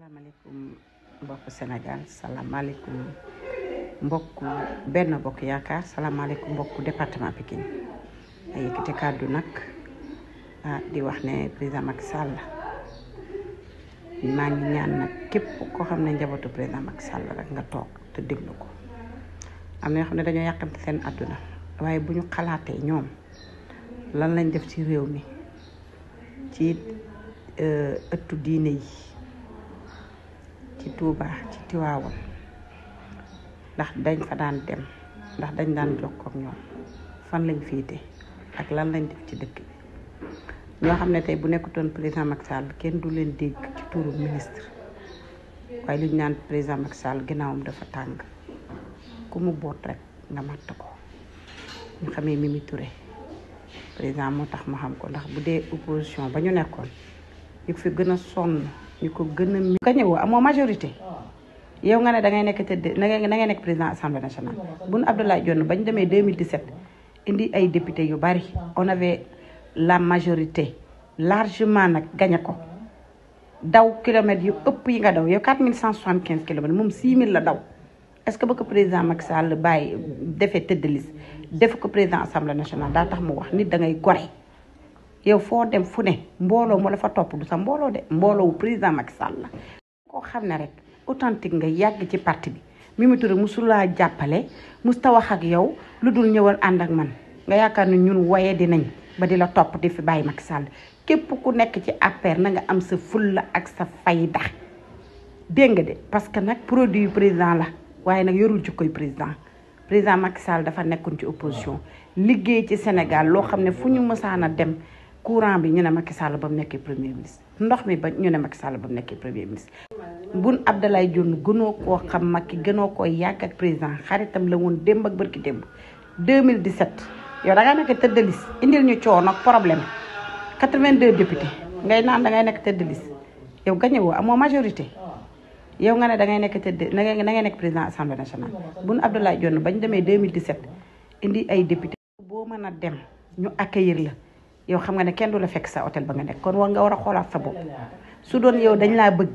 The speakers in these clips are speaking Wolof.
salaamaaleykum mbokku Sénégal salaamaaleykum mbokku benn bokk yaakaar salaamaaleykum mbokku département Pikine ay yëkkati kàddu nag ah, di wax ne président Macky sàll maa ngi ñaan nag képp koo xam ne njabootu président Macky Sall rek nga toog te déglu ko am na ñoo xam ne dañoo yàqante seen àdduna waaye buñu xalaatee ñoom lan lañ def ci réew mi ci euh, ëttu diine ci Touba ci Tiwaawan ndax dañ fa daan dem ndax dañ daan jokkook ñoom fan lañ féete ak lan lañ def ci dëkk bi ñoo xam ne tey bu nekkutoon président Macky Sall kenn du leen dégg ci turu ministre waaye li ñu naan président Macky Sall ginaawam dafa tàng ku mu boot rek nga matt ko ñu xamee Mimi Touré président moo tax ma xam ko ndax bu dee opposition ba ñu nekkoon ñu fi gën a sonn ñu ko gën a. kañ woo amoo majorité yow nga ne da ngay nekk tëdd na ngay nekk président assemblée nationale bun Abdoulaye Dione ba ñu demee 2017 indi ay député yu bari on avait la majorité largement nag gañe ko daw kilomètres yu ëpp yi nga daw yow 4175 kilomètres moom 6000 la daw. est-ce que ba ko président Macky Sall bàyyi defee tëdd liste def ko président assemblée nationale daa tax mu wax nit da ngay gore. yow foo dem fu ne mbooloo mu dafa topp du sa mbooloo de mbooloowu président Macky Sall la koo xam ne rek authentique nga yàgg ci parti bi Mimi Touré musulaa jàppale mus wax ak yow lu dul ñëwal ànd ak man nga yaakaar ne ñun woye dinañ ba di la topp di fi bàyyi Macky Sall képp ku nekk ci APR na nga am sa fulla ak sa fayda dégg nga de parce que nag produit président la waaye nag yorul jikkoy président président Macky Sall dafa nekkoon ci opposition liggéey ci Sénégal loo xam ne fu ñu mësaan a dem courant bi ñu ne Macky Sall ba mu nekkee premier ministre ndox mi ba ñu ne Macky Sall ba mu nekkee premier ministre. Boun Abdallah Dionne gënoo ko xam Macky gënoo koo yàgg ak président xaritam la woon démb ak barki démb 2017 yow da ngaa nekk tête de liste indil ñu coow nag problème 82 député ngay naan da ngay nekk tête de liste yow gagné woo amoo majorité. yow nga ne da ngay nekk tëdd na ngay nekk président assemblée nationale Boun Abdallah Dionne demee 2017 indi ay député boo mën yow xam nga ne kenn du la fekk sa hôtel ba nga nekk kon war nga war a xoolaat sa bopp su doon yow dañ laa bëgg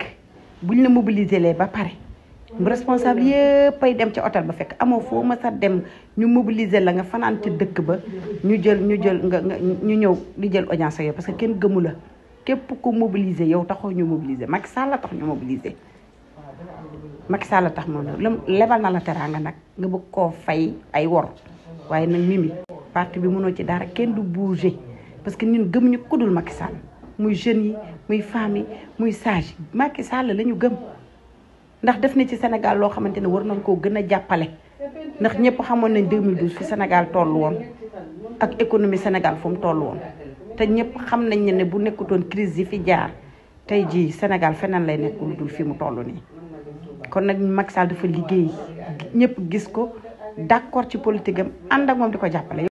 bu ñu la mobiliser lee ba pare responsable yëpp ay dem ca hôtel ba fekk amoo foo ma sa dem ñu mobiliser la nga fanaan ci dëkk ba ñu jël ñu jël nga ñu ñëw di jël audience ak yow parce que kenn gëmu la képp ku mobiliser yow taxoo ñu mobiliser Macky Sall la tax ñu mobiliser Macky la tax moom lebal na la teraanga nag nga bëgg koo fay ay wor parce que ñun gëm ñu ku dul Macky Sall muy jeunes yi muy femmes muy sage yi Macky la ñu gëm ndax def na ci Sénégal loo xamante ne war nañ koo gën a jàppale ndax ñëpp xamoon nañ 2012 fi Sénégal toll woon ak économie Sénégal fu mu toll woon te ñëpp xam nañ ne bu nekkutoon crise yi fi jaar tey jii Sénégal feneen lay nekkul dul fi mu toll nii kon nag Macky Sall dafa liggéey ñëpp gis ko d'accord ci politique am ànd ak moom di ko jàppale